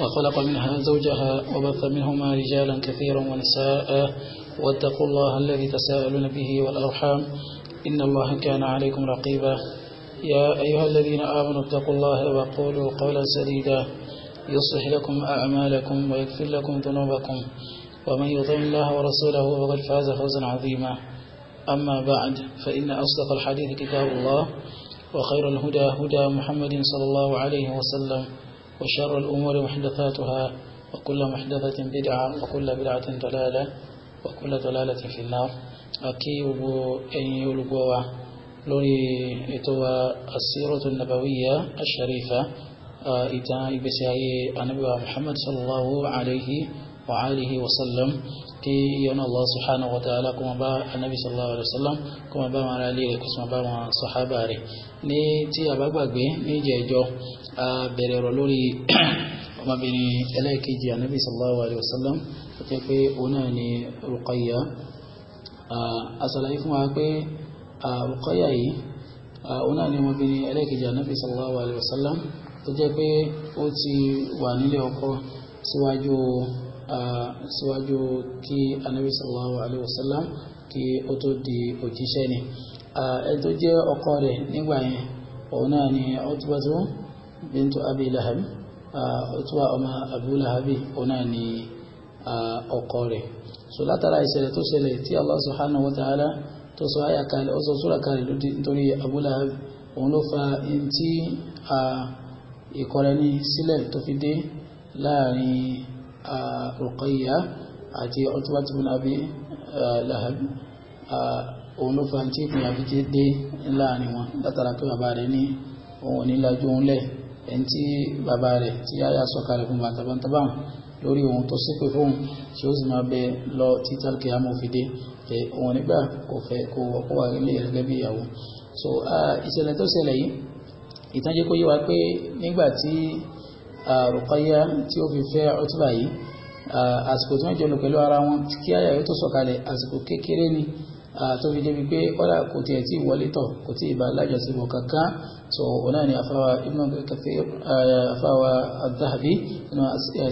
وخلق منها زوجها وبث منهما رجالا كثيرا ونساء واتقوا الله الذي تساءلون به والأرحام إن الله كان عليكم رقيبا يا أيها الذين آمنوا اتقوا الله وقولوا قولا سديدا يصلح لكم أعمالكم ويغفر لكم ذنوبكم ومن يطع الله ورسوله فقد فاز فوزا عظيما أما بعد فإن أصدق الحديث كتاب الله وخير الهدى هدى محمد صلى الله عليه وسلم وشر الأمور محدثاتها وكل محدثة بدعة وكل بدعة ضلالة وكل ضلالة في النار أكيب أن يلقوا لوري إتوا السيرة النبوية الشريفة إتاي بسعي النبي محمد صلى الله عليه وآله وسلم kí yọ́nà Allah subhanahu wa ta'ala kó máa bá anábì sallallahu alaihi wasallam kó máa bá wọn ará ilé rẹ̀ kó sì máa bá wọn sàhábà rẹ̀ ní tí a bá gbàgbé ní ìjẹ́jọ́ a bẹ̀rẹ̀ rọ̀ lórí ọmọbìnrin ẹlẹ́ẹ̀kejì anábì sallallahu alaihi wasallam tó jẹ́ pé òun náà ni Ruqayya asàlàyé fún wa pé Ruqayya yìí òun náà ni ọmọbìnrin ẹlẹ́ẹ̀kejì anábì sallallahu alaihi wasallam tó jẹ́ pé ó ti wà nílé ọkọ síwájú síwájú kí anabi sallallahu alayhi wa sallam kí ó tó di òjíṣẹ́ ni ẹni tó jẹ́ ọkọ rẹ̀ nígbà yẹn òun náà ni ọtúbàtú bintu abi lahab ọtúbà ọmọ abu lahabi òun náà ni ọkọ rẹ̀ so látara ìṣẹ̀lẹ̀ tó ṣẹlẹ̀ tí allah subhanahu wa ta'ala tó sọ ayà kalẹ̀ ó sọ súra kalẹ̀ lódì nítorí abu òun ló fa ntí ìkọrẹni sílẹ̀ tó fi dé láàrin. Ruqayya àti Utbat bin Abi eh, Lahab eh, òun ló fa tí ìpìyà fi ti dé láàrin wọn látara pé bàbá rẹ̀ ní òun ní lajú òun lẹ̀ ẹni tí bàbá rẹ̀ tí yáyà sọ̀kalẹ̀ fún bàtà bàtàbà lórí ohun tó ṣépè fóun tí ó sì máa bẹ lọ títà kí a mú fi dé pé òun nígbà kò fẹ́ kó wọ́pọ̀ wà nílé rẹ̀ gẹ́gẹ́ ìyàwó so ah, ìṣẹ̀lẹ̀ tó ṣẹlẹ̀ yìí ìtàn kó yé wa pé nígbà tí Ruqayya tí ó fi fẹ́ Utba yìí uh, àsìkò tí wọ́n jọ lò pẹ̀lú ara wọn kí àyà yóò tó sọ̀kalẹ̀ àsìkò kékeré ni uh, tó fi débi pé kọ́dà kò tiẹ̀ tí wọlé tọ̀ kò tí ì bá lájọsìmọ̀ kankan so ọ̀nà ni afáwa Ibn Kathir uh, afáwa Adh-Dhahabi nínú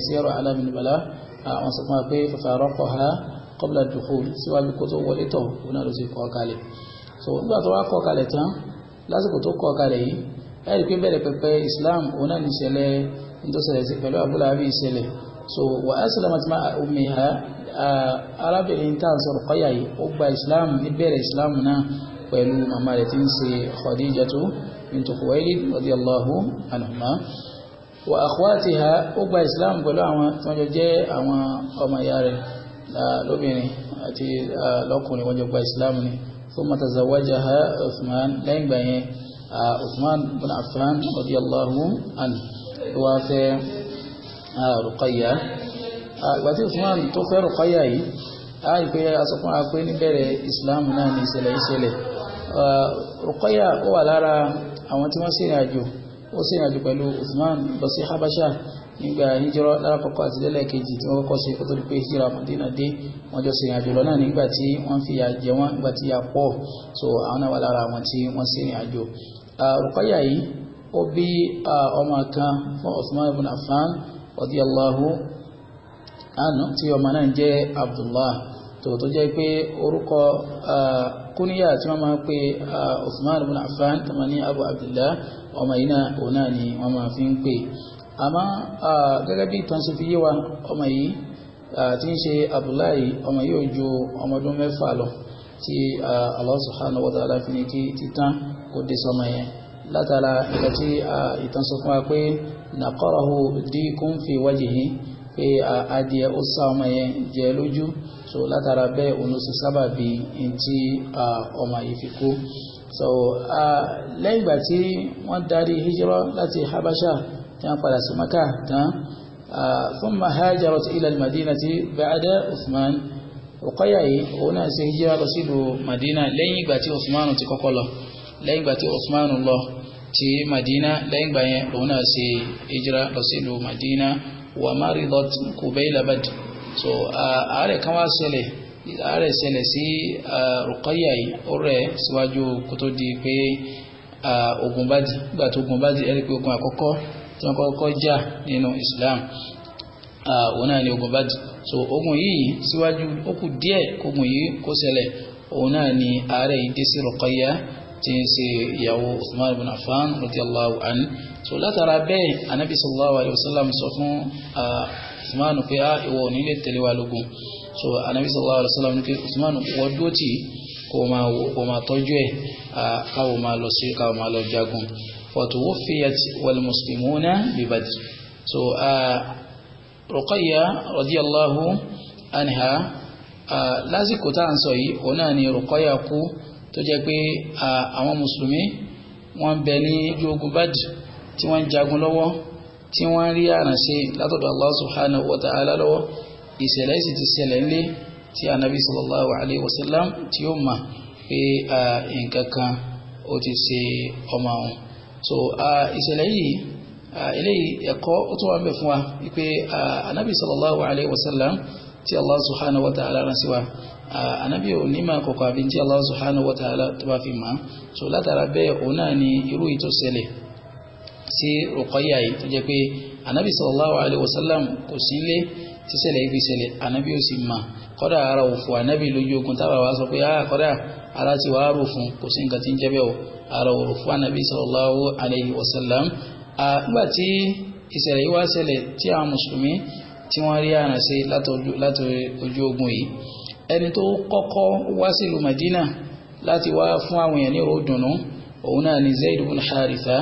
Siyar A'lam al-Nubala àwọn sọ fún wa pé fafaraqaha qabla ad-dukhul síwájú kó tó wọlé tọ̀ ọ̀nà ló ti kọ́ kalẹ̀ so nígbà tó wá kọ́ kalẹ̀ tán lásìkò tó kọ́ kalẹ̀ yìí ẹ̀rí Islam ọ̀nà ní tó ṣẹlẹ̀ sí pẹ̀lú Abu Lahabi ìṣẹlẹ̀ so wà aslamat ma'a ummiha arábìnrin tá à ń sọ̀rọ̀ kọ́yà yìí ó gba islam níbẹ̀rẹ̀ islam náà pẹ̀lú màmá rẹ̀ tí ń ṣe Khadijatu bintu Khuwaylid radiyallahu anhuma wa akhwatiha ó gba islam pẹ̀lú àwọn tí wọ́n jọ jẹ́ àwọn ọmọ ìyá rẹ̀ lóbìnrin àti lọ́kùnrin wọ́n jọ gba islam ni thumma tazawajaha Uthman lẹ́yìn gbà yẹn Uthman bin Affan radiyallahu anhu tó wá fẹ́ Ruqayya ìgbà tí Usman tó fẹ́ Ruqayya yìí a rí pé aṣọ fún apé níbẹ̀rẹ̀ Islam náà ní ìṣẹ̀lẹ̀ ìṣẹ̀lẹ̀ Ruqayya ó wà lára àwọn tí wọ́n sìnrìn àjò ó sìnrìn àjò pẹ̀lú Usman lọ sí Habasha nígbà hijira lárakọ̀kọ́ àti lẹ́lẹ́kejì tí wọ́n kọ́kọ́ ṣe kó tó di pé hijira Madina dé wọ́n jọ ṣe ìrìnàjò lọ́nà nígbà tí wọ́n fi yà jẹ wọ́n nígbà tí yà pọ̀ so àwọn náà wà lára àwọn tí wọ́n ṣe ìrìnàjò Ruqayya yìí ó bí ọmọ kan fún Usman ibn Affan radiyallahu anhu tí ọmọ náà jẹ́ Abdullah tòótọ́ jẹ́ pé orúkọ kúníyà tí wọ́n máa ń pe Usman ibn Affan tọ́mọ ní Abu Abdullah ọmọ yìí náà òun náà ni wọ́n máa fi ń pè àmọ́ gẹ́gẹ́ bí ìtàn ṣe fi yé wa ọmọ yìí tí ń ṣe Abdullahi ọmọ yìí ò ju ọmọ mẹ́fà lọ tí Allah subhanahu wa ta'ala fi ní kí títán kó dé sọmọ yẹn látara ìgbà tí ìtàn sọ fún wa pé nàkọ́rọ̀hù díkùn fi wájìhì pé adìẹ ó sá ọmọ yẹn jẹ lójú so látara bẹ́ẹ̀ òun ló sì sábà bí n tí ọmọ yìí fi kú so lẹ́yìn ìgbà tí wọ́n darí hijira láti habasha tí wọ́n padà sí maka tán fún mahajara ti ilẹ̀ madina ti bàdá usman ọ̀kọ́yà yìí òun náà ṣe hijira lọ sílùú madina lẹ́yìn ìgbà tí usman ti kọ́kọ́ lọ lẹ́yìn ìgbà tí Usman lọ ti Madina lẹ́yìn ìgbà yẹn òun náà ṣe hijira lọ sí ìlú Madina wà maridat Qubayla Badr so àárẹ̀ kan wá ṣẹlẹ̀ àárẹ̀ ṣẹlẹ̀ sí Ruqayya yìí ó rẹ̀ síwájú kó tó di pé ogun Badr nígbà tó ogun Badr ẹ̀rí pé ogun àkọ́kọ́ tí wọ́n kọ́kọ́ jà nínú Islam òun náà ni ogun Badr so ogun yìí síwájú ó kù díẹ̀ ogun yìí kó ṣẹlẹ̀ òun náà ni àárẹ̀ yìí dé sí Ruqayya tí ń ṣe ìyàwó Uthman ibn Affan radiyallahu anhu so látara bẹ́ẹ̀ anabi sallallahu alayhi wa sallam sọ fún Uthman pé a ah, ìwọ ò ní lè tẹ̀lé wa lógun so anabi sallallahu alayhi wa sallam ní pé Uthman wọ́n dúró tì í kó máa tọ́jú ẹ̀ káwọ́ máa lọ sí káwọ́ máa lọ jagun watuwufiyat walmuslimuna bibadr so Ruqayya radiyallahu anha lásìkò tá à ń sọ yìí òun náà ni Ruqayya kú tó jẹ́ pé àwọn mùsùlùmí wọ́n bẹ ní ojú ogun bad tí wọ́n jagun lọ́wọ́ tí wọ́n rí àrànṣe látọ̀dọ̀ Allah subhanahu wa ta'ala lọ́wọ́ ìṣẹ̀lẹ̀ sì ti ṣẹlẹ̀ ńlẹ̀ tí anabi sallallahu alayhi wa sallam tí ó mà pé nǹkan kan ó ti ṣe ọmọ òun so ìṣẹ̀lẹ̀ yìí eléyìí ẹ̀kọ́ ó tún wà ń bẹ fún wa wípé anabi sallallahu alayhi wa sallam tí Allah subhanahu wa ta'ala rán sí wa anabi ò ní máa kọ̀kọ̀ àbí tí Allah subhanahu wa ta'ala tó bá fi máa so látara bẹ́ẹ̀ òun náà ni irú ìtò ṣẹlẹ̀ sí Ruqayya yìí tó jẹ́ pé anabi sallallahu alaihi wasallam kò sí ilé tí ṣẹlẹ̀ ibi ṣẹlẹ̀ anabi ò sì máa kọ́dà ara òfò anabi lójú ogun tábà wá sọ pé ah kọ́dà ara ti wàá rò fún kò sí nǹkan tí ń jẹ́ o ara òrò fún anabi sallallahu alaihi wasallam nígbà tí ìṣẹ̀lẹ̀ yìí wá ṣẹlẹ̀ tí àwọn mùsùlùmí tí wọ́n rí àrànṣe láti ojú ogun yìí ẹni tó kọ́kọ́ wá sílùú Madina láti wá fún àwọn èèyàn ní ròdùnú òun náà ni Zaid ibn Haritha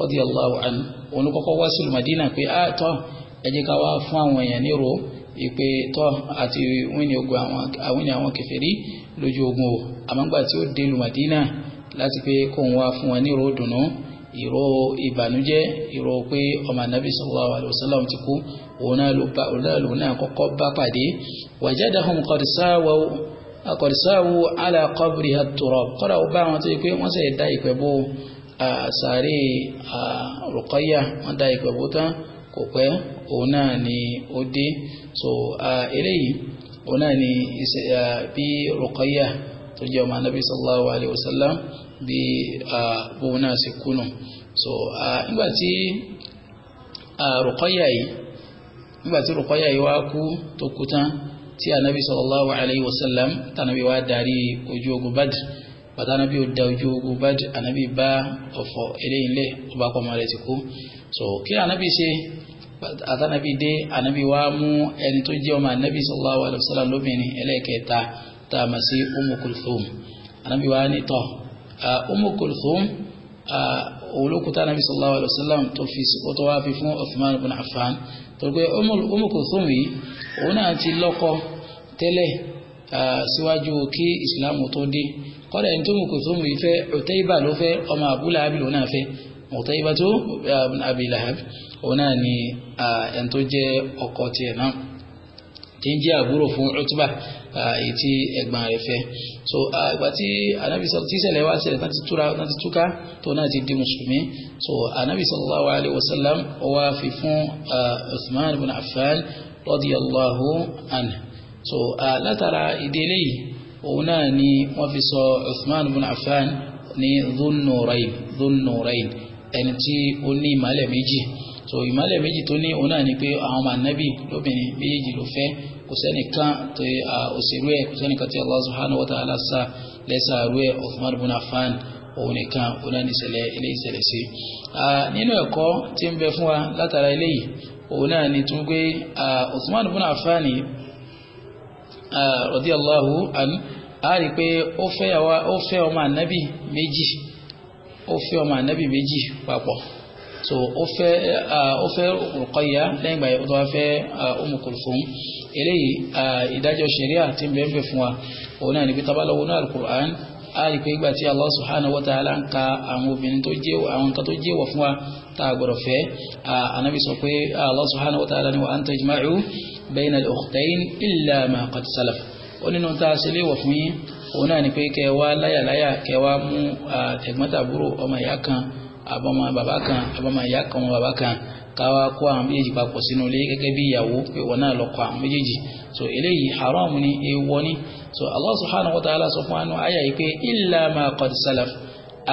radiyallahu anhu òun kọ́kọ́ wá sílùú Madina pé á ah, tọ́ ẹ jẹ́ ká wá fún àwọn èèyàn ní ro ìpè tọ́ àti wíni àwọn àwọn lójú ogun o àmọ́gbà tí ó dé lù Madina láti pé kóun wá fún wọn ní ròdùnú ìró ìbànújẹ́ ìró pé ọmọ anabi sallallahu alayhi wa sallam ti kú òun náà ló bá òun náà lòun náà kọ́kọ́ bá pàdé wajadahum qad sawaw qad sawaw ala qabriha at-turab kọ́dà ó bá wọn tó yẹ pé wọ́n sì dá ìpẹ́ bó sàárè Ruqayya wọ́n dá ìpẹ́ bó tán kò pẹ́ òun náà ni ó dé so eléyìí òun náà ni bí Ruqayya tó jẹ́ ọmọ anabi sallallahu alayhi wa sallam bí bóun náà ṣe kú nù so nígbà tí Ruqayya yìí nígbà tí Ruqayya yìí wá kú tó kú tán tí anabi sallallahu alayhi wa sallam tànàbí wá darí ojú ogun Badr bàtà anabi ò da ojú ogun Badr anabi bá ọ̀fọ̀ eléyìí lẹ̀ ọba kọ́ ọmọ rẹ̀ ti kú so kí anabi ṣe àtànàbí dé anabi wá mú ẹni tó jẹ́ ọmọ anabi sallallahu alayhi wa sallam lóbìnrin ẹlẹ́ẹ̀kẹta tá a mọ̀ sí Umm Kulthum anabi wá ní tọ́ Uh, Umu Kulthum uh, olókùtà nàbí sallallahu alayhi wa sallam tó fi sùkú tó wá fi fún Uthman ibn Affan tó gbé Umu umm Kulthum yìí òun náà ti lọ́kọ tẹ́lẹ̀ uh, síwájú kí Islam tó dé kọ́dà ẹni tó Umu Kulthum yìí fẹ́ Utayba ló fẹ́ ọmọ Abu Lahab ló náà fẹ́ Utayba ni ẹni tó náà tí ń jẹ́ àbúrò fún ọtúbà èyí ẹ̀gbọ́n rẹ̀ fẹ́ so ìgbà tí anabi sọ tí ìṣẹ̀lẹ̀ wá ṣẹlẹ̀ láti túra láti túká tó náà ti di mùsùlùmí so anabi sallallahu alayhi wa sallam ó wá fi fún Uthman ibn Affan radiyallahu anhu so látara ìdílé yìí òun náà ni wọ́n fi sọ Uthman ibn Affan ní dhunnurayn dhunnurayn ẹni tí ó ní ìmàlẹ̀ méjì. so ìmọ̀lẹ̀ méjì tó ní òun náà ni pé àwọn ọmọ ànábì lóbìnrin méjèèjì ló fẹ́ kò sẹ́nìkan tó òṣèrú ẹ̀ kò sẹ́nìkan tí Allah subhanahu wa ta'ala sá lẹ́sàárú ẹ̀ Uthman ibn Affan òun nìkan òun náà nìṣẹ̀lẹ̀ ilé ìṣẹ̀lẹ̀ sí. nínú ẹ̀kọ́ tí ń bẹ fún wa látara eléyìí òun náà ni tún allahu Uthman a pé ó fẹ́ ọmọ anabi méjì ó so ó fẹ́ ó fẹ́ Ruqayya lẹ́yìn ìgbà yẹn tó wá fẹ́ Umm Kulthum eléyìí ìdájọ́ ṣẹ̀ríà tí ń bẹ́ẹ̀ bẹ́ẹ̀ fún wa òun náà níbi tábàlọ́wọ́ náà al-Qur'an a rí pé ìgbà tí Allah subhanahu wa ta'ala ń ka àwọn obìnrin tó jẹ́ àwọn nǹkan tó jẹ́ wọ̀ fún wa tá a gbọ́dọ̀ anabi sọ pé Allah subhanahu wa ta'ala ni wa an tajma'u bayna al-ukhtayn illa ma qad salaf ó nínú tá a ṣe fún yín òun náà ni pé kẹ wá láyàláyà kẹ wá mú tẹ̀gbọ́ntàbúrò ọmọ ìyá kan àbọ̀mọ bàbá kan àbọ̀mọ ìyá kan ọmọ bàbá kan káwá kó àwọn méjèèjì papọ̀ sínú ilé gẹ́gẹ́ bí ìyàwó pé wọn náà lọ kọ àwọn méjèèjì so eléyìí haram ni èèwọ̀ ni so Allah subhanahu wa ta'ala sọ fún anú àyà yìí pé illa ma qad salaf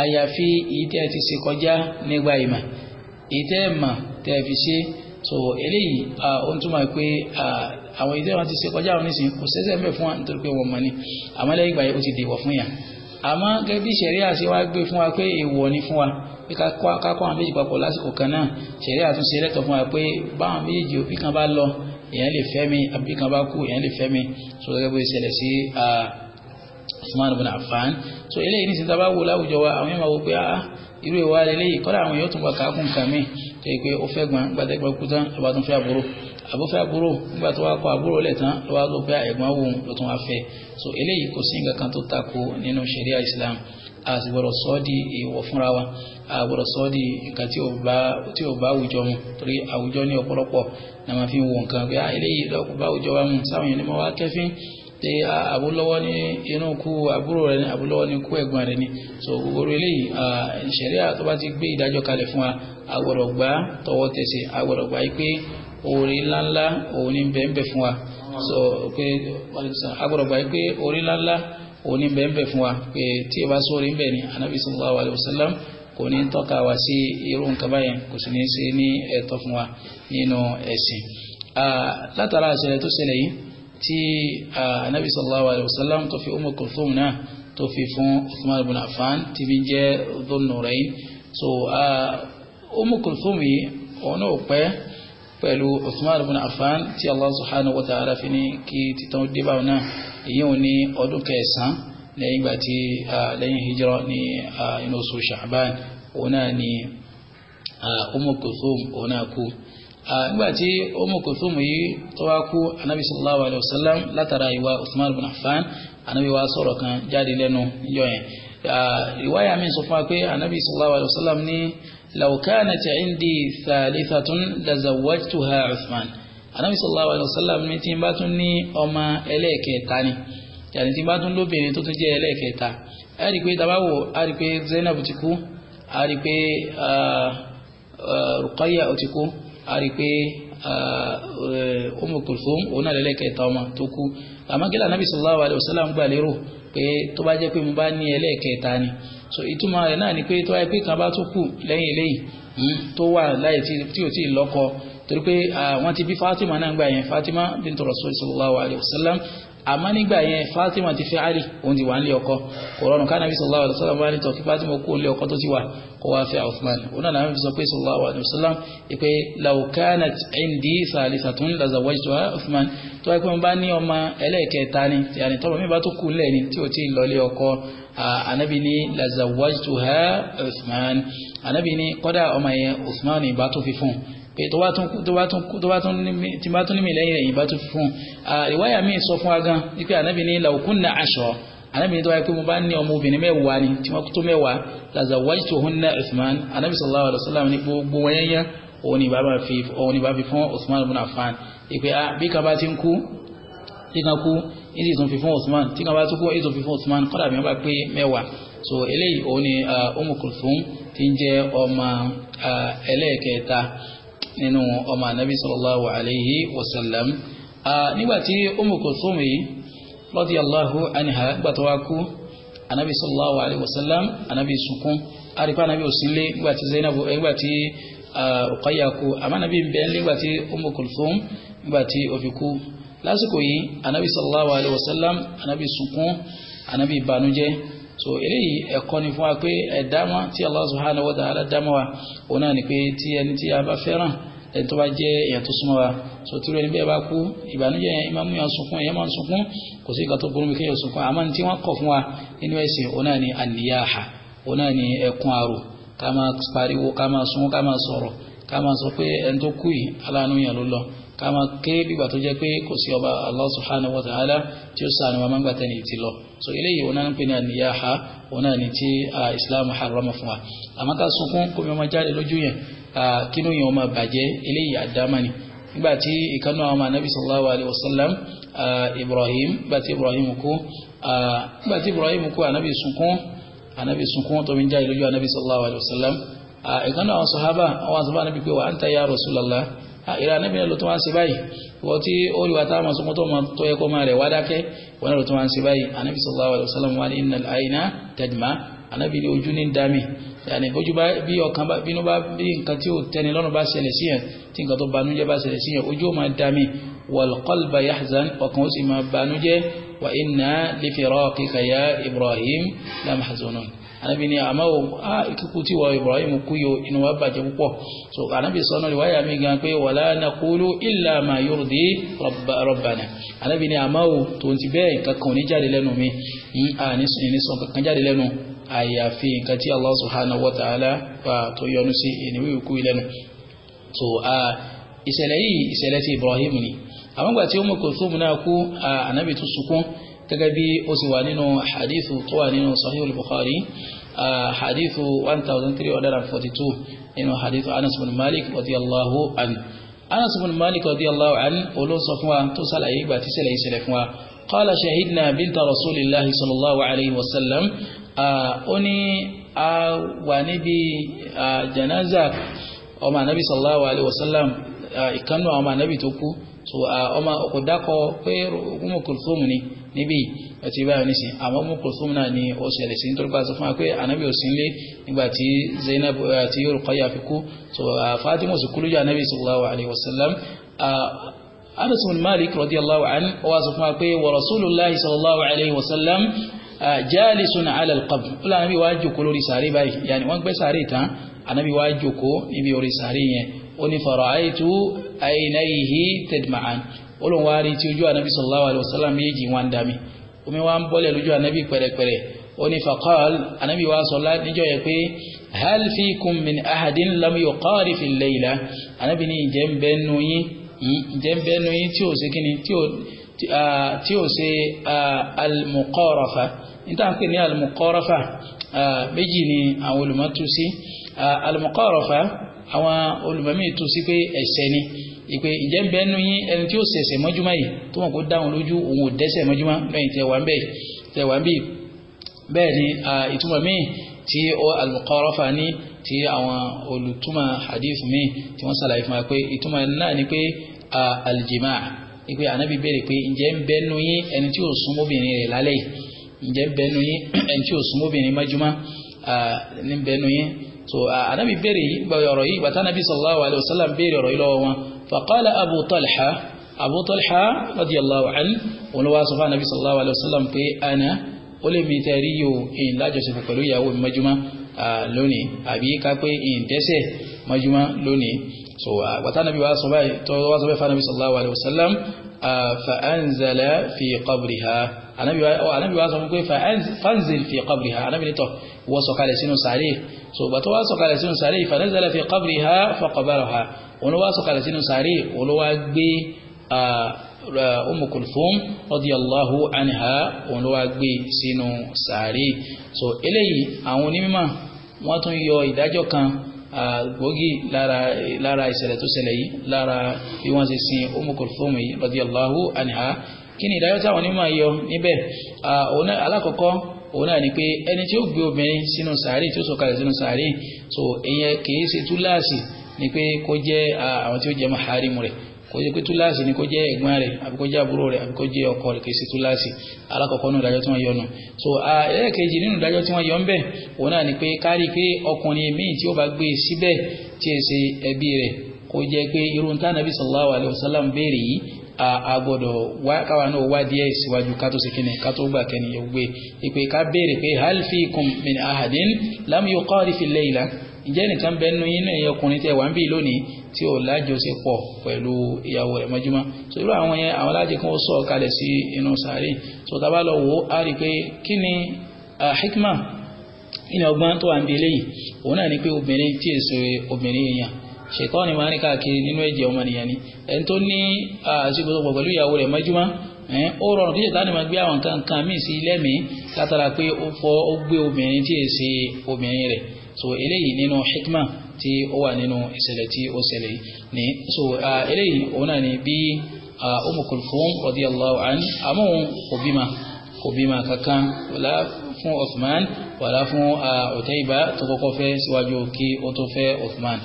àyàfi èyí tẹ́ ẹ ti ṣe kọjá nígbà ìmọ̀ èyí tẹ́ mà tẹ́ ẹ fi ṣe so eléyìí ó ń túmọ̀ pé àwọn ìdí wọn ti ṣe kọjá àwọn oníṣìn kò sẹ́sẹ̀ mẹ́ fún wa nítorí pé wọ́n mọ̀ ni àmọ́ lẹ́yìn ìgbà yẹn ó ti dèwọ̀ fún yà àmọ́ gẹ́gẹ́ bí ṣẹ̀ríà ṣe wá gbé fún wa pé èèwọ̀ ni fún wa pé ká kó àwọn méjì papọ̀ lásìkò kan náà ṣẹ̀ríà tún ṣe lẹ́tọ̀ fún wa pé báwọn méjì òbí kan bá lọ èèyàn lè fẹ́ mi àbí kan bá kú èèyàn lè fẹ́ mi so gẹ́gẹ́ bó ṣẹlẹ̀ sí Usman ibn Affan so eléyìí ní sinta bá wo láwùjọ wa àwọn yẹn máa wo pé ah irú ìwà eléyìí kọ́dà àwọn yóò tún wà káàkùn kàmí tó ó fẹ́ gbọ́n gbàdẹ́gbẹ́ kú tán ọba fẹ́ àbúrò àbúfẹ́ àbúrò nígbà tó wá kọ àbúrò lẹ̀ tán ló wá ló pé ẹ̀gbọ́n òun ló tún wá fẹ́ so eléyìí kò sí nǹkan kan tó tako nínú sharia islam a sì gbọ́dọ̀ sọ ọ́ di èèwọ̀ fúnra wa a gbọ́dọ̀ sọ ọ́ di nǹkan tí ò bá àwùjọ mu torí àwùjọ ní ọ̀pọ̀lọpọ̀ náà máa fi ń wo nǹkan pé ah, eléyìí lọ́kùnrin bá àwùjọ wa mu sáwọn èèyàn ní mo wá kẹ́fín ṣe àbúlọ́wọ́ ní inú kú àbúrò rẹ̀ ní àbúlọ́wọ́ ní kú ẹ̀gbọ́n rẹ̀ ní so gbogbo eléyìí ṣẹ̀ríà tó bá ti gbé ìdájọ́ kalẹ̀ fún wa agbọ́dọ̀ gbà tọwọ́ tẹsẹ̀ agbọ́dọ̀ gbà pé orí ńláńlá òun ní bẹ́ẹ̀ fún wa so pé agbọ́dọ̀ gbà pé orí ńláńlá òun ní bẹ́ẹ̀ fún wa pé tí ẹ bá sórí ń bẹ̀ ni anabi sallallahu alayhi wa sallam kò ní tọ́ka wá sí irú nǹkan báyẹn kò sì ní ṣe ní ẹ̀tọ́ fún tí anabi sallallahu alayhi wa sallam tó fi umu kulthum náà tó fi fún Uthman ibn Affan tí fi jẹ́ Dhul-Nurayn so umu kulthum yìí òun náà pẹ́ pẹ̀lú Uthman ibn Affan tí Allah subhanahu wa ta'ala fi ní kí títàn débà náà èyí ò ní ọdún kẹsàn-án lẹ́yìn ìgbà tí lẹ́yìn hijira ní inú oṣù Sha'ban òun náà ni umu kulthum òun kú nígbàtí Ummu Kulthum yìí tó wá kú anábì sallallahu alayhi wa sallam látara ìwà Uthman ibn Affan anábì wa sọ̀rọ̀ kan jáde lẹ́nu níjọ́ yẹn ìwáyà mi sọ fún wa pé anábì sallallahu alayhi wa sallam ní law kanat indi thalithatun lazawwajtuha Uthman anábì sallallahu alayhi wa sallam ní tí n bá tún ní ọmọ ẹlẹ́ẹ̀kẹta ni yàrá tí n bá tún lóbìnrin tó tún jẹ́ ẹlẹ́ẹ̀kẹta a rí pé tabawo a rí pé Zainab ti kú a rí ti kú a rí i pé eh, Umm Kulthum òun náà lẹ́lẹ́kẹta ọmọ tó kú àmọ́ kí lànà bisọ̀ láwà alẹ́ òsàlám gbà lérò pé tó bá jẹ́ pé mo bá ní ẹlẹ́kẹta ni so ìtumọ̀ rẹ̀ náà ni pé tó wáyé pé kan bá tó kù lẹ́yìn eléyìí hmm, tó wà láì tí ò tí ì torí pé wọ́n ti bí Fatima náà gbà yẹn Fatima bintu Rasul sallallahu alayhi wa sallam àmọ́ nígbà yẹn Fatima ti fẹ́ Ali òun ti wà nílé ọkọ kò rọrùn ká nàbí sallallahu alaihi wasallam wà ní tọ́kí Fatima kú nílé ọkọ tó ti wà kó wá fẹ́ Uthman òun náà nàbí sọ pé sallallahu alaihi wasallam ìpè law kanat indi salisatun lazawajtuha Uthman tó wáyé pé wọ́n bá ní ọmọ ẹlẹ́ẹ̀kẹta ni yàní tọ́mọ mi bá tó kú nílẹ̀ ni tí ò tí ì lọlé ọkọ anabi ni lazawajtuha Uthman anabi ni kọ́dà ọmọ yẹn Uthman ìbá tó fi fún un pé tó bá tún tó bá tún tó bá tún tí bá tún nímì lẹ́yìn ẹ̀yìn bá tún fún ìwáyà míì sọ fún wa gan wípé ànábì ní làwùkún na aṣọ ànábì ní tó wáyé pé mo bá ní ọmọ obìnrin mẹ́wàá ni tí wọ́n tó mẹ́wàá làzà wáyé tó hún ná Usman ànábì sallallahu alaihi wasallam ní gbogbo wẹ́yẹ́yẹ́ òun ni bàbá fi òun ni bàbá fi fún Usman ibn Affan ìpè a bí kan bá ti ń kú tí kan kú ìdí tún fi fún Usman tí kan bá tún kú ìdí tún fi fún Usman kọ́dà so eléyìí òun ni Umm Kulthum ti ń jẹ́ ọmọ ẹlẹ́ẹ̀kẹta nínú ọmọ anabi sallallahu alayhi wa sallam nígbàtí Ummu Kulthum yìí radiyallahu anha gbàtọ́ wa kú anabi sallallahu alayhi wa sallam anabi sunkún àrífà anabi òsínlé nígbàtí zainabu nígbàtí Uqayya kú àmọ́ anabi ń bẹ́ẹ̀ nígbàtí Ummu Kulthum nígbàtí òfikú lásìkò yìí anabi sallallahu alayhi wa sallam anabi sunkún anabi ìbànújẹ́ so eléyìí ẹ̀kọ́ ni fún wa pé ẹ̀dámọ́ tí Allah subhanahu wa ta'ala dámọ́ wa òun náà ni pé tí ẹni tí a bá fẹ́ràn ẹni tó bá jẹ́ èèyàn tó súnmọ́ wa so tí lóyún bẹ́ẹ̀ bá kú ìbànújẹ́ yẹn máa mú yàn sunkún ẹ̀yẹ́ máa ń sunkún kò sí ìgbà tó burú mi kéèyàn sunkún àmọ́ tí wọ́n kọ̀ fún wa nínú ẹ̀sìn òun náà ni àníyáhà òun náà ni ẹkún àrò ká máa pariwo ká máa sunkún ká máa sọ̀rọ̀ ká máa sọ pé ẹni tó kú yìí aláàánú yàn ló lọ kama máa ké bígbà tó jẹ́ pé kò sí ọba Allah subhanahu wa ta'ala tí ó sànù wa máa ń gbà tẹ́ni lọ so eléyìí wọn náà ń pè ní àníyáha wọn náà ní tí Islam harama fún wa àmọ́ ká sunkún kó mi ọmọ jáde lójú yẹn kínú yẹn ọmọ bàjẹ́ eléyìí àdámà nígbà tí ìkànnà ọmọ anabi sallallahu alayhi wa sallam Ibrahim nígbà tí Ibrahim kú nígbà tí Ibrahim kú anabi sunkún anabi sunkún tó mi jáde lójú anabi sallallahu alayhi wa sallam ìkànnà ọmọ sahaba ọmọ sahaba anabi pé wa anta ya rasulallah. Ah, ìrà anábì náà ló tún wá ń ṣe báyìí ìwọ tí ó rí wa tá a máa sunkún tó máa tó ẹkọ máa rẹ̀ wá dákẹ́ wọn náà ló tún wá ń ṣe báyìí anábì sallallahu alaihi wasallam wa ní innal aina tadma anábì ní ojú ní dami yàní bójú bá bí ọkàn bá bínú bá bí nǹkan tí ó tẹni lọ́rùn bá ṣẹlẹ̀ sí tí nǹkan tó banújẹ́ bá ṣẹlẹ̀ sí ojú ó máa dami wal qalba yahzan ọkàn ó sì máa banújẹ́ wa inna li firaqika Ibrahim lamahzunun anabi ni àmọ́ o a ikú tí wọ́n ibrahim kú yóò inú wa bàjẹ́ púpọ̀ so anabi sọ́nà rẹ̀ wáyà mi gan pé wala naqulu illa ma yurdi rabbana anabi ni àmọ́ o tó ti bẹ́ẹ̀ nǹkan kan ní jáde lẹ́nu mi ní sọ kankan jáde lẹ́nu àyàfi nǹkan tí allah subhanahu wa ta'ala tó yọ́nú sí ìníwí ikú lẹ́nu so ìṣẹ̀lẹ̀ yìí ìṣẹ̀lẹ̀ ti ibrahim ni àwọn gbà tí ó mú kòsóòmù náà kú anabi tó sunkún gẹ́gẹ́ bí ó sì wà nínú hadithu tó wà nínú sahih al-bukhari hadithu 1342 nínú hadithu anas bin malik radiyallahu an anas bin malik radiyallahu an olóòsọ fún wa tó sàlàyé ìgbà tí ṣẹlẹ̀ ìṣẹlẹ̀ fún wa qala shahidna binta rasulillahi sallallahu alayhi wa sallam ó ní a wà níbi janaza ọmọ anabi sallallahu alayhi wa sallam ìkànnù ọmọ anabi tó kú so ọmọ ọkọ̀ pé umu kulthum ni níbí ẹtì báyọ̀ nísìn àmọ́ mú kùsùm náà ni ó ṣẹlẹ̀ sí nítorí pàṣẹ fún wa pé ànábì ò sínlé nígbà tí Zainab àti eh, Ruqayya fi kú so eh, Fatima sì kúrú yà ànábì sallallahu alayhi wa sallam Anas bin Malik radiyallahu an ó wá sọ fún wa pé wa Rasulullahi sallallahu alayhi wa sallam eh, jalisun ala al-qabr ó lọ ànábì wá jókòó lórí sàárè báyìí yàní wọ́n gbé sàárè tán ànábì wá jókòó níbi orí sàárè yẹn ó ní fara'aytu aynayhi tadma'an olóhùn wa rí tí ojú anabi sallallahu alayhi wa sallam méjì wá ń dami omi wa ń bọ́lẹ̀ lójú anabi pẹ̀rẹ̀pẹ̀rẹ̀ ó ní faqal anabi wa sọ níjọ́ yẹ pé hal fikum min ahadin lam yuqari fil layla anabi ní ìjẹ́ ń bẹ́ nu yín ìjẹ́ ń bẹ́ nu yín tí ò ṣe kíni tí ò almuqarafa méjì ni àwọn olùmọ̀ sí almuqarafa àwọn olùmọ̀ mi sí pé ẹ̀ṣẹ̀ ni ìpè ìjẹ́ ń bẹ́ẹ̀ nú yín ẹni tí ó ṣẹ̀ṣẹ̀ mọ́júmọ́ yìí tó mọ̀ kó dáhùn lójú òun ò dẹ́ṣẹ̀ mọ́júmọ́ lẹ́yìn tẹ̀wá ń bẹ́ẹ̀ tẹ̀wá ń bì bẹ́ẹ̀ ni ìtumọ̀ míì tí al-Muqarafa ní tí àwọn olùtumọ̀ hadith míì tí wọ́n ṣàlàyé fún wa pé ìtumọ̀ náà ni pé al-jima' ìpè ànábì béèrè pé ǹjẹ́ ń bẹ́ẹ̀ nú yín ẹni tí ò súnmọ́bìnrin rẹ̀ lálẹ́ ǹjẹ́ ń bẹ́ẹ̀ nú yín ẹni tí ò súnmọ́bìnrin mọ́júmọ́ so anabi béèrè yìí ọ̀rọ̀ yìí bàtà anabi sallallahu alayhi wa sallam béèrè فقال أبو طلحة أبو طلحة رضي الله عنه ونواصف النبي صلى الله عليه وسلم في أنا ولمي ميتاريو إن لا جسف قلويا ومجمع لوني أبي ká إن ìǹtẹ́sẹ̀ مجمع لوني so uh, wata nabi wa sọ báyìí tó wá sọ báyìí fa nabi sallallahu alaihi wasallam uh, fa anzala fi qabriha anabi oh, wa sọ fún pé fa anzil fi qabriha anabi nítọ̀ wọ́ sọ̀kalẹ̀ sínú sàárè so bàtọ́ wá sọ̀kalẹ̀ sínú sàárè fa nazala fi qabriha fa qabaraha wọn wá sọ̀kalẹ̀ sínú sàárè wọn wá gbé Umm Kulthum radiyallahu anha wọn wá gbé sínú sàárè so eléyìí àwọn onímọ̀ wọ́n tún yọ ìdájọ́ kan gbòógì lára ìṣẹ̀lẹ̀ tó ṣẹlẹ̀ yìí lára bí wọ́n ṣe sin Umm Kulthum yìí radiyallahu anha kí ni ìdájọ́ táwọn onímọ̀ yọ níbẹ̀ alákọ̀ọ́kọ́ òun náà ni pé ẹni tí ó gbé obìnrin sínú sàárì tí ó sọ̀kalẹ̀ sínú sàárì so ìyẹn kìí ṣe túláàsì ni pé kó jẹ́ àwọn tí ó jẹ́ maharimu rẹ̀ kò jẹ́ pé túláàsì ni kò jẹ́ ẹ̀gbọ́n rẹ̀ àbí kò jẹ́ àbúrò rẹ̀ àbí kò jẹ́ ọkọ rẹ̀ kì ṣe túláàsì alákọ̀ọ́kọ́ nínú ìdájọ́ tí wọ́n yọ so ẹlẹ́ẹ̀kejì nínú ìdájọ́ tí wọ́n yọ ń bẹ̀ òun náà ni pé kárí pé ọkùnrin míì tí ó bá gbé e síbẹ̀ tí ì ṣe ẹbí rẹ̀ kò jẹ́ pé irú ń tánàbí sallallahu alaihi wasallam béèrè yìí a gbọ́dọ̀ káwa náà wá díẹ̀ síwájú ká tó ṣe kíni ká tó gbà kẹni ògbé e. ìpè ká béèrè pé hal fiikum min ahadin lam yuqari fil layla ǹjẹ́ nìkan bẹ́ẹ̀ nínú yín náà ẹ̀yọkùnrin tẹ̀ wá ń bì lónìí tí ò lájọṣepọ̀ pẹ̀lú ìyàwó rẹ̀ mọ́júmọ́ so irú àwọn yẹn àwọn láti kún ó sọ kalẹ̀ sí inú sàárè so tá a bá lọ wò ó a rí i pé kí ni hikma kí ni ọgbọ́n tó wà ń délé yìí òun náà ni pé obìnrin tí èso obìnrin èèyàn ṣètọ́ ni máa ń káàkiri nínú ẹ̀jẹ̀ ọmọnìyàn ni ẹni tó ní àṣepọ̀ pẹ̀lú ìyàwó rẹ̀ mọ́júmọ́ ó rọrùn kí ṣètọ́ ni máa gbé àwọn nǹkan kan míì sí ilé mi látara pé ó fọ ó gbé obìnrin tí èso obìnrin rẹ̀ so eléyìí nínú hikma tí ó wà nínú ìṣẹ̀lẹ̀ tí ó ṣẹlẹ̀ ní so eléyìí òun náà ni bí Umm Kulthum radiyallahu anha àmọ́ òun kò bímọ kò bímọ kankan wàlá fún Uthman wàlá fún Utayba tó kọ́kọ́ fẹ́ síwájú kí ó tó fẹ́ Uthman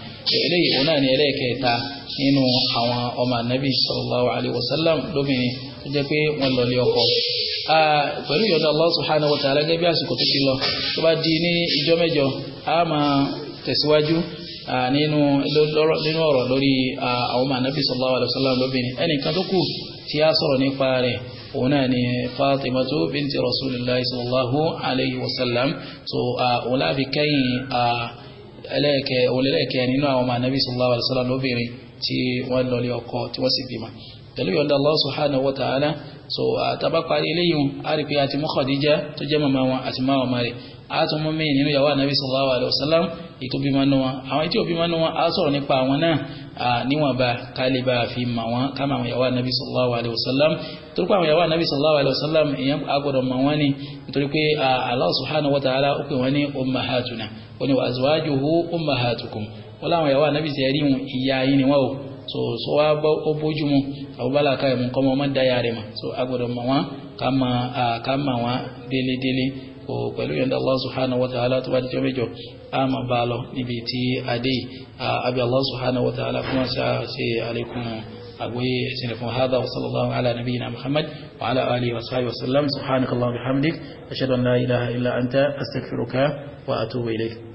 eléyìí òun náà ni ẹlẹ́ẹ̀kẹta nínú àwọn ọmọ anabi sallallahu alayhi wa sallam lóbìnrin tó jẹ́ pé wọ́n lọ lé ọkọ pẹ̀lú ìyọ̀dọ̀ Allah subhanahu wa ta'ala gẹ́gẹ́ bí àsìkò tó ti lọ tó bá di ní ìjọ mẹ́jọ a máa tẹ̀síwájú Ah, nínú nínú ọ̀rọ̀ lórí ah, àwọn ọmọ anabi sallallahu alayhi wa sallam lóbìnrin ẹnìkan tó kù tí a sọ̀rọ̀ nípa rẹ̀ òun náà ni fatimatu binti rasulillah sallallahu alayhi wa sallam so ah, òun láàbí kẹ́yìn ẹlẹ́ẹ̀kẹ́ nínú àwọn ọmọ anabi sallallahu alayhi tí wọ́n lọlé ètò bímọ nù wọn àwọn ètò bímọ nù wọn á sọ̀rọ̀ nípa àwọn náà níwọ̀nba ká fi mọ̀ wọn ká àwọn ìyàwó anabi sallallahu alayhi wa sallam torí pé àwọn ìyàwó anabi sallallahu alayhi wa sallam èèyàn agbọ́dọ̀ mọ̀ wọn ni nítorí pé Allah subhanahu wa ta'ala ó pè wọ́n ní ummahatuna ó ní ummahatukum wọ́n láwọn ìyàwó anabi ti rí ni wọ́n o so so wa bọ́ ó bójú mu àbúbálà ọmọ dáyà so agbọ́dọ̀ mọ̀ wọn ká mọ̀ wọn délédélé ko pẹ̀lú yanda Allah subhanahu wa ta'ala tó bá di jọ́mẹ́jọ ama balo ni biti ade àbí Allah subhanahu wa ta'ala kuma sa ce alaikum agoye sene fún hada wa sallallahu ala nabiyina muhammad wa ala alihi wa sahbihi wa sallam subhanaka allahumma bihamdik ashhadu an la ilaha illa anta astaghfiruka wa atubu ilayk